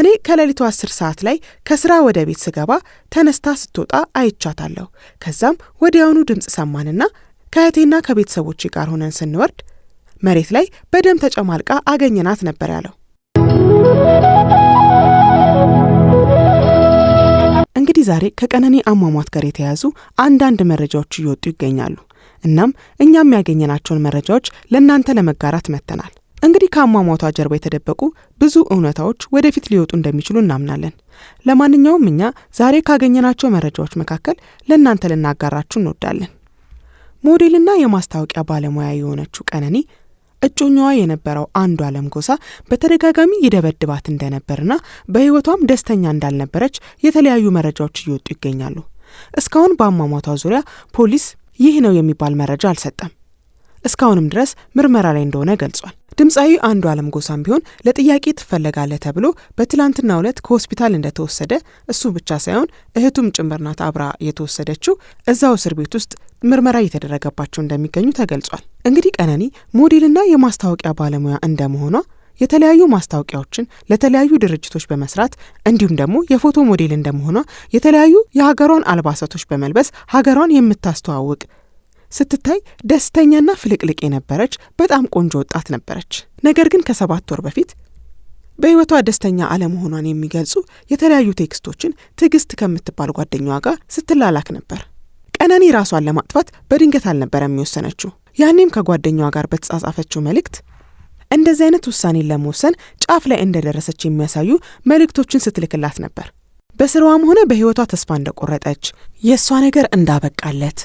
እኔ ከሌሊቱ አስር ሰዓት ላይ ከስራ ወደ ቤት ስገባ ተነስታ ስትወጣ አይቻታለሁ። ከዛም ወዲያውኑ ድምፅ ሰማንና ከእህቴና ከቤተሰቦች ጋር ሆነን ስንወርድ መሬት ላይ በደም ተጨማልቃ አገኘናት ነበር ያለው። እንግዲህ ዛሬ ከቀነኒ አሟሟት ጋር የተያያዙ አንዳንድ መረጃዎች እየወጡ ይገኛሉ። እናም እኛም ያገኘናቸውን መረጃዎች ለእናንተ ለመጋራት መጥተናል። እንግዲህ ከአሟሟቷ ጀርባ የተደበቁ ብዙ እውነታዎች ወደፊት ሊወጡ እንደሚችሉ እናምናለን። ለማንኛውም እኛ ዛሬ ካገኘናቸው መረጃዎች መካከል ለእናንተ ልናጋራችሁ እንወዳለን። ሞዴልና የማስታወቂያ ባለሙያ የሆነችው ቀነኒ እጮኛዋ የነበረው አንዱ አለም ጎሳ በተደጋጋሚ ይደበድባት እንደነበርና በሕይወቷም ደስተኛ እንዳልነበረች የተለያዩ መረጃዎች እየወጡ ይገኛሉ። እስካሁን በአሟሟቷ ዙሪያ ፖሊስ ይህ ነው የሚባል መረጃ አልሰጠም። እስካሁንም ድረስ ምርመራ ላይ እንደሆነ ገልጿል። ድምፃዊ አንዱ አለም ጎሳም ቢሆን ለጥያቄ ትፈለጋለህ ተብሎ በትላንትና ዕለት ከሆስፒታል እንደተወሰደ እሱ ብቻ ሳይሆን እህቱም ጭምርናት አብራ የተወሰደችው እዛው እስር ቤት ውስጥ ምርመራ እየተደረገባቸው እንደሚገኙ ተገልጿል። እንግዲህ ቀነኒ ሞዴልና የማስታወቂያ ባለሙያ እንደመሆኗ የተለያዩ ማስታወቂያዎችን ለተለያዩ ድርጅቶች በመስራት እንዲሁም ደግሞ የፎቶ ሞዴል እንደመሆኗ የተለያዩ የሀገሯን አልባሳቶች በመልበስ ሀገሯን የምታስተዋውቅ ስትታይ ደስተኛና ፍልቅልቅ የነበረች በጣም ቆንጆ ወጣት ነበረች። ነገር ግን ከሰባት ወር በፊት በሕይወቷ ደስተኛ አለመሆኗን የሚገልጹ የተለያዩ ቴክስቶችን ትዕግስት ከምትባል ጓደኛዋ ጋር ስትላላክ ነበር። ቀነኒ ራሷን ለማጥፋት በድንገት አልነበረም የወሰነችው። ያኔም ከጓደኛዋ ጋር በተጻጻፈችው መልእክት እንደዚህ አይነት ውሳኔን ለመወሰን ጫፍ ላይ እንደደረሰች የሚያሳዩ መልእክቶችን ስትልክላት ነበር። በስራዋም ሆነ በሕይወቷ ተስፋ እንደቆረጠች፣ የእሷ ነገር እንዳበቃለት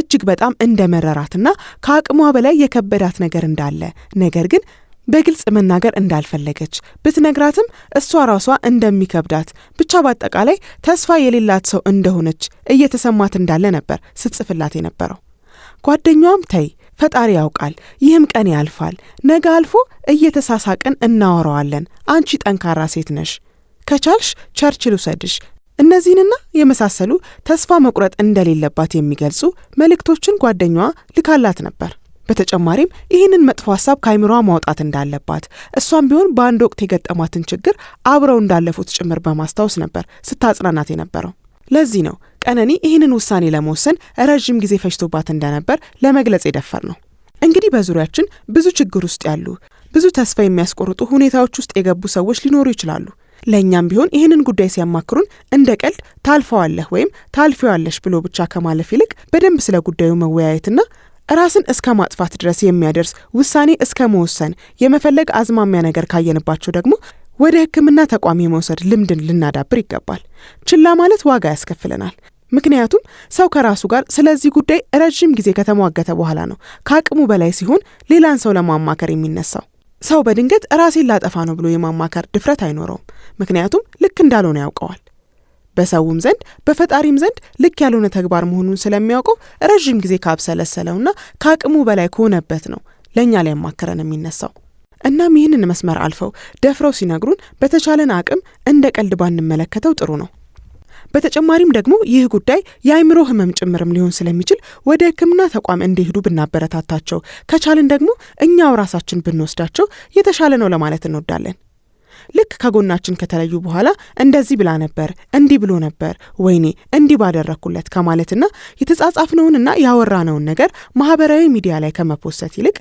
እጅግ በጣም እንደመረራትና ከአቅሟ በላይ የከበዳት ነገር እንዳለ ነገር ግን በግልጽ መናገር እንዳልፈለገች ብትነግራትም እሷ ራሷ እንደሚከብዳት ብቻ በአጠቃላይ ተስፋ የሌላት ሰው እንደሆነች እየተሰማት እንዳለ ነበር ስትጽፍላት የነበረው። ጓደኛዋም ተይ ፈጣሪ ያውቃል፣ ይህም ቀን ያልፋል፣ ነገ አልፎ እየተሳሳቅን እናወራዋለን፣ አንቺ ጠንካራ ሴት ነሽ፣ ከቻልሽ ቸርችል ውሰድሽ እነዚህንና የመሳሰሉ ተስፋ መቁረጥ እንደሌለባት የሚገልጹ መልእክቶችን ጓደኛዋ ልካላት ነበር። በተጨማሪም ይህንን መጥፎ ሀሳብ ከአይምሯ ማውጣት እንዳለባት እሷም ቢሆን በአንድ ወቅት የገጠማትን ችግር አብረው እንዳለፉት ጭምር በማስታወስ ነበር ስታጽናናት የነበረው። ለዚህ ነው ቀነኒ ይህንን ውሳኔ ለመወሰን ረዥም ጊዜ ፈጅቶባት እንደነበር ለመግለጽ የደፈር ነው። እንግዲህ በዙሪያችን ብዙ ችግር ውስጥ ያሉ ብዙ ተስፋ የሚያስቆርጡ ሁኔታዎች ውስጥ የገቡ ሰዎች ሊኖሩ ይችላሉ። ለእኛም ቢሆን ይህንን ጉዳይ ሲያማክሩን እንደ ቀልድ ታልፈዋለህ ወይም ታልፊዋለሽ ብሎ ብቻ ከማለፍ ይልቅ በደንብ ስለ ጉዳዩ መወያየትና ራስን እስከ ማጥፋት ድረስ የሚያደርስ ውሳኔ እስከ መወሰን የመፈለግ አዝማሚያ ነገር ካየንባቸው ደግሞ ወደ ሕክምና ተቋም የመውሰድ ልምድን ልናዳብር ይገባል። ችላ ማለት ዋጋ ያስከፍለናል። ምክንያቱም ሰው ከራሱ ጋር ስለዚህ ጉዳይ ረዥም ጊዜ ከተሟገተ በኋላ ነው ከአቅሙ በላይ ሲሆን ሌላን ሰው ለማማከር የሚነሳው። ሰው በድንገት ራሴን ላጠፋ ነው ብሎ የማማከር ድፍረት አይኖረውም። ምክንያቱም ልክ እንዳልሆነ ያውቀዋል። በሰውም ዘንድ በፈጣሪም ዘንድ ልክ ያልሆነ ተግባር መሆኑን ስለሚያውቀው ረዥም ጊዜ ካብሰለሰለውና ከአቅሙ በላይ ከሆነበት ነው ለእኛ ሊያማክረን የሚነሳው። እናም ይህንን መስመር አልፈው ደፍረው ሲነግሩን በተቻለን አቅም እንደ ቀልድ ባንመለከተው ጥሩ ነው። በተጨማሪም ደግሞ ይህ ጉዳይ የአይምሮ ህመም ጭምርም ሊሆን ስለሚችል ወደ ህክምና ተቋም እንዲሄዱ ብናበረታታቸው፣ ከቻልን ደግሞ እኛው ራሳችን ብንወስዳቸው የተሻለ ነው ለማለት እንወዳለን። ልክ ከጎናችን ከተለዩ በኋላ እንደዚህ ብላ ነበር፣ እንዲህ ብሎ ነበር፣ ወይኔ እንዲህ ባደረግኩለት ከማለትና የተጻጻፍነውንና ያወራነውን ነገር ማህበራዊ ሚዲያ ላይ ከመፖሰት ይልቅ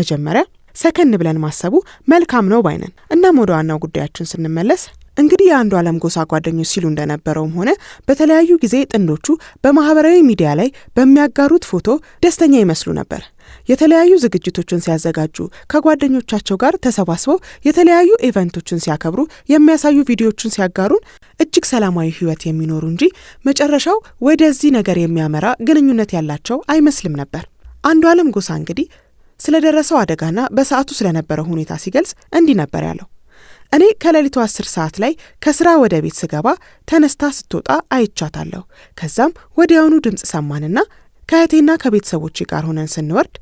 መጀመሪያ ሰከን ብለን ማሰቡ መልካም ነው ባይነን። እናም ወደ ዋናው ጉዳያችን ስንመለስ እንግዲህ የአንዱ ዓለም ጎሳ ጓደኞች ሲሉ እንደነበረውም ሆነ በተለያዩ ጊዜ ጥንዶቹ በማህበራዊ ሚዲያ ላይ በሚያጋሩት ፎቶ ደስተኛ ይመስሉ ነበር። የተለያዩ ዝግጅቶችን ሲያዘጋጁ፣ ከጓደኞቻቸው ጋር ተሰባስበው የተለያዩ ኢቨንቶችን ሲያከብሩ፣ የሚያሳዩ ቪዲዮዎችን ሲያጋሩን እጅግ ሰላማዊ ህይወት የሚኖሩ እንጂ መጨረሻው ወደዚህ ነገር የሚያመራ ግንኙነት ያላቸው አይመስልም ነበር። አንዱ ዓለም ጎሳ እንግዲህ ስለደረሰው አደጋና በሰዓቱ ስለነበረው ሁኔታ ሲገልጽ እንዲህ ነበር ያለው። እኔ ከሌሊቱ አስር ሰዓት ላይ ከስራ ወደ ቤት ስገባ ተነስታ ስትወጣ አይቻታለሁ። ከዛም ወዲያውኑ ድምፅ ሰማንና ከእህቴና ከቤተሰቦች ጋር ሆነን ስንወርድ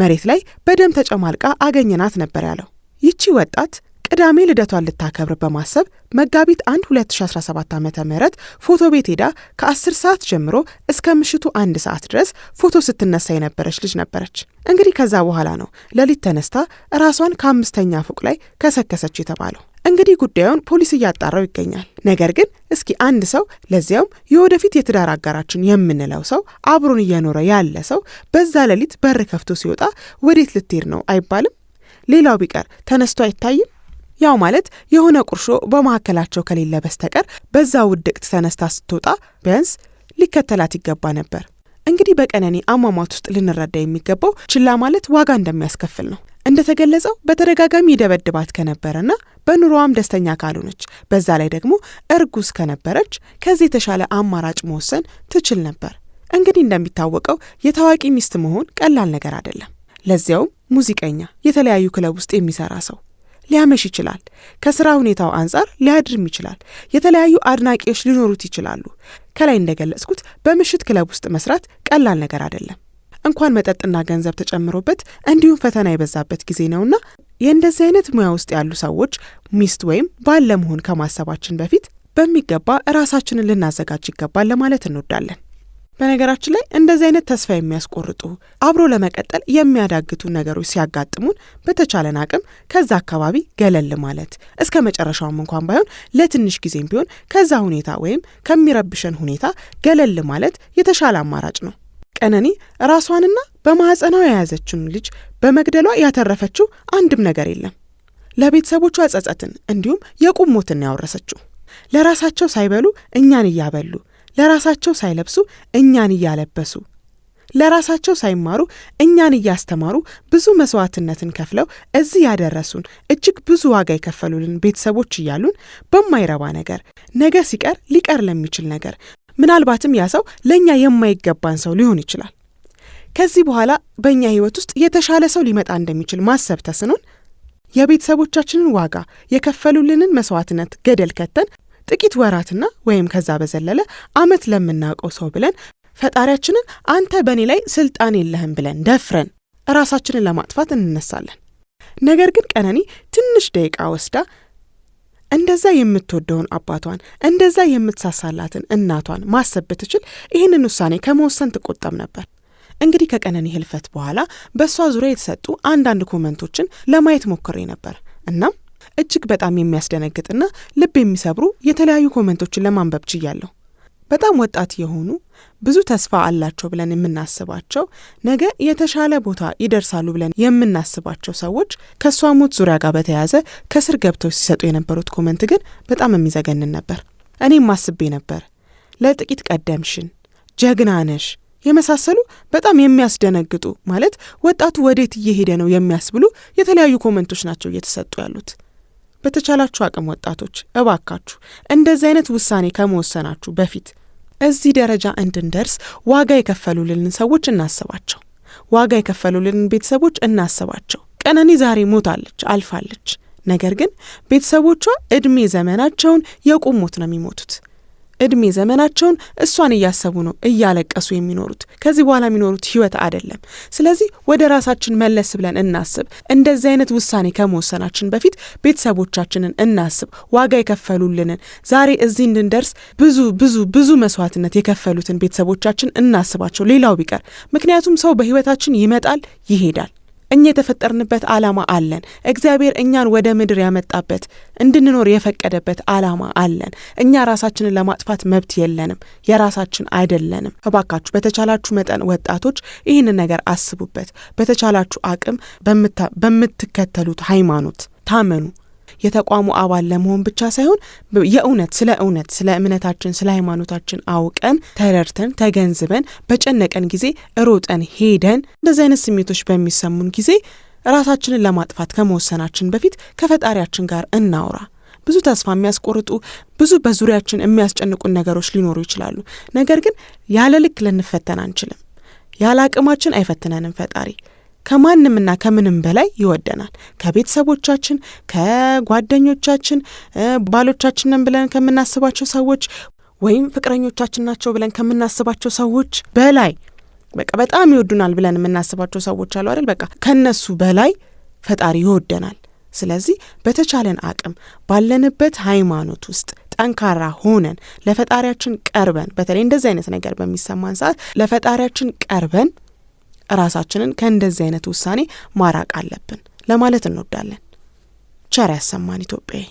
መሬት ላይ በደም ተጨማልቃ አገኘናት ነበር ያለው። ይቺ ወጣት ቅዳሜ ልደቷን ልታከብር በማሰብ መጋቢት 1 2017 ዓ ም ፎቶ ቤት ሄዳ ከ10 ሰዓት ጀምሮ እስከ ምሽቱ አንድ ሰዓት ድረስ ፎቶ ስትነሳ የነበረች ልጅ ነበረች። እንግዲህ ከዛ በኋላ ነው ሌሊት ተነስታ ራሷን ከአምስተኛ ፎቅ ላይ ከሰከሰች የተባለው። እንግዲህ ጉዳዩን ፖሊስ እያጣራው ይገኛል። ነገር ግን እስኪ አንድ ሰው ለዚያውም የወደፊት የትዳር አጋራችን የምንለው ሰው አብሮን እየኖረ ያለ ሰው በዛ ሌሊት በር ከፍቶ ሲወጣ ወዴት ልትሄድ ነው አይባልም? ሌላው ቢቀር ተነስቶ አይታይም? ያው ማለት የሆነ ቁርሾ በመካከላቸው ከሌለ በስተቀር በዛ ውድቅት ተነስታ ስትወጣ ቢያንስ ሊከተላት ይገባ ነበር። እንግዲህ በቀነኒ አሟሟት ውስጥ ልንረዳ የሚገባው ችላ ማለት ዋጋ እንደሚያስከፍል ነው። እንደተገለጸው በተደጋጋሚ ይደበድባት ከነበረና በኑሮዋም ደስተኛ ካልሆነች፣ በዛ ላይ ደግሞ እርጉዝ ከነበረች ከዚህ የተሻለ አማራጭ መወሰን ትችል ነበር። እንግዲህ እንደሚታወቀው የታዋቂ ሚስት መሆን ቀላል ነገር አይደለም። ለዚያውም ሙዚቀኛ፣ የተለያዩ ክለብ ውስጥ የሚሰራ ሰው ሊያመሽ ይችላል። ከስራ ሁኔታው አንጻር ሊያድርም ይችላል። የተለያዩ አድናቂዎች ሊኖሩት ይችላሉ። ከላይ እንደገለጽኩት በምሽት ክለብ ውስጥ መስራት ቀላል ነገር አይደለም። እንኳን መጠጥና ገንዘብ ተጨምሮበት እንዲሁም ፈተና የበዛበት ጊዜ ነውና የእንደዚህ አይነት ሙያ ውስጥ ያሉ ሰዎች ሚስት ወይም ባል ለመሆን ከማሰባችን በፊት በሚገባ ራሳችንን ልናዘጋጅ ይገባል ለማለት እንወዳለን። በነገራችን ላይ እንደዚህ አይነት ተስፋ የሚያስቆርጡ አብሮ ለመቀጠል የሚያዳግቱ ነገሮች ሲያጋጥሙን በተቻለን አቅም ከዛ አካባቢ ገለል ማለት እስከ መጨረሻውም እንኳን ባይሆን ለትንሽ ጊዜም ቢሆን ከዛ ሁኔታ ወይም ከሚረብሸን ሁኔታ ገለል ማለት የተሻለ አማራጭ ነው። ቀነኒ ራሷንና በማዕፀኗ የያዘችውን ልጅ በመግደሏ ያተረፈችው አንድም ነገር የለም። ለቤተሰቦቿ ጸጸትን እንዲሁም የቁም ሞትን ያወረሰችው። ለራሳቸው ሳይበሉ እኛን እያበሉ ለራሳቸው ሳይለብሱ እኛን እያለበሱ ለራሳቸው ሳይማሩ እኛን እያስተማሩ ብዙ መስዋዕትነትን ከፍለው እዚህ ያደረሱን እጅግ ብዙ ዋጋ የከፈሉልን ቤተሰቦች እያሉን በማይረባ ነገር ነገ ሲቀር ሊቀር ለሚችል ነገር ምናልባትም ያ ሰው ለእኛ የማይገባን ሰው ሊሆን ይችላል። ከዚህ በኋላ በእኛ ሕይወት ውስጥ የተሻለ ሰው ሊመጣ እንደሚችል ማሰብ ተስኖን የቤተሰቦቻችንን ዋጋ የከፈሉልንን መስዋዕትነት ገደል ከተን ጥቂት ወራትና ወይም ከዛ በዘለለ አመት ለምናውቀው ሰው ብለን ፈጣሪያችንን አንተ በእኔ ላይ ስልጣን የለህም ብለን ደፍረን ራሳችንን ለማጥፋት እንነሳለን። ነገር ግን ቀነኒ ትንሽ ደቂቃ ወስዳ እንደዛ የምትወደውን አባቷን እንደዛ የምትሳሳላትን እናቷን ማሰብ ብትችል ይህንን ውሳኔ ከመወሰን ትቆጠብ ነበር። እንግዲህ ከቀነኒ ህልፈት በኋላ በእሷ ዙሪያ የተሰጡ አንዳንድ ኮመንቶችን ለማየት ሞክሬ ነበር እናም እጅግ በጣም የሚያስደነግጥና ልብ የሚሰብሩ የተለያዩ ኮመንቶችን ለማንበብ ችያለሁ። በጣም ወጣት የሆኑ ብዙ ተስፋ አላቸው ብለን የምናስባቸው ነገ የተሻለ ቦታ ይደርሳሉ ብለን የምናስባቸው ሰዎች ከእሷ ሞት ዙሪያ ጋር በተያያዘ ከስር ገብተው ሲሰጡ የነበሩት ኮመንት ግን በጣም የሚዘገንን ነበር። እኔም አስቤ ነበር ለጥቂት ቀደምሽን፣ ጀግናነሽ የመሳሰሉ በጣም የሚያስደነግጡ ማለት ወጣቱ ወዴት እየሄደ ነው የሚያስብሉ የተለያዩ ኮመንቶች ናቸው እየተሰጡ ያሉት። በተቻላችሁ አቅም ወጣቶች እባካችሁ እንደዚህ አይነት ውሳኔ ከመወሰናችሁ በፊት እዚህ ደረጃ እንድንደርስ ዋጋ የከፈሉልን ሰዎች እናስባቸው። ዋጋ የከፈሉልን ቤተሰቦች እናስባቸው። ቀነኒ ዛሬ ሞታለች፣ አልፋለች። ነገር ግን ቤተሰቦቿ እድሜ ዘመናቸውን የቁሞት ነው የሚሞቱት። እድሜ ዘመናቸውን እሷን እያሰቡ ነው እያለቀሱ የሚኖሩት። ከዚህ በኋላ የሚኖሩት ህይወት አይደለም። ስለዚህ ወደ ራሳችን መለስ ብለን እናስብ። እንደዚህ አይነት ውሳኔ ከመወሰናችን በፊት ቤተሰቦቻችንን እናስብ፣ ዋጋ የከፈሉልንን ዛሬ እዚህ እንድንደርስ ብዙ ብዙ ብዙ መስዋዕትነት የከፈሉትን ቤተሰቦቻችን እናስባቸው፣ ሌላው ቢቀር ምክንያቱም ሰው በህይወታችን ይመጣል ይሄዳል። እኛ የተፈጠርንበት ዓላማ አለን። እግዚአብሔር እኛን ወደ ምድር ያመጣበት እንድንኖር የፈቀደበት ዓላማ አለን። እኛ ራሳችንን ለማጥፋት መብት የለንም፣ የራሳችን አይደለንም። እባካችሁ በተቻላችሁ መጠን ወጣቶች ይህንን ነገር አስቡበት። በተቻላችሁ አቅም በምትከተሉት ሃይማኖት ታመኑ። የተቋሙ አባል ለመሆን ብቻ ሳይሆን የእውነት ስለ እውነት ስለ እምነታችን ስለ ሃይማኖታችን አውቀን ተረድተን ተገንዝበን በጨነቀን ጊዜ ሮጠን ሄደን እንደዚህ አይነት ስሜቶች በሚሰሙን ጊዜ ራሳችንን ለማጥፋት ከመወሰናችን በፊት ከፈጣሪያችን ጋር እናውራ። ብዙ ተስፋ የሚያስቆርጡ ብዙ በዙሪያችን የሚያስጨንቁን ነገሮች ሊኖሩ ይችላሉ። ነገር ግን ያለ ልክ ልንፈተን አንችልም። ያለ አቅማችን አይፈትነንም ፈጣሪ ከማንምና ከምንም በላይ ይወደናል። ከቤተሰቦቻችን፣ ከጓደኞቻችን፣ ባሎቻችንን ብለን ከምናስባቸው ሰዎች ወይም ፍቅረኞቻችን ናቸው ብለን ከምናስባቸው ሰዎች በላይ በቃ በጣም ይወዱናል ብለን የምናስባቸው ሰዎች አሉ አይደል? በቃ ከነሱ በላይ ፈጣሪ ይወደናል። ስለዚህ በተቻለን አቅም ባለንበት ሃይማኖት ውስጥ ጠንካራ ሆነን ለፈጣሪያችን ቀርበን በተለይ እንደዚህ አይነት ነገር በሚሰማን ሰዓት ለፈጣሪያችን ቀርበን ራሳችንን ከእንደዚህ አይነት ውሳኔ ማራቅ አለብን ለማለት እንወዳለን። ቸር ያሰማን ኢትዮጵያዊ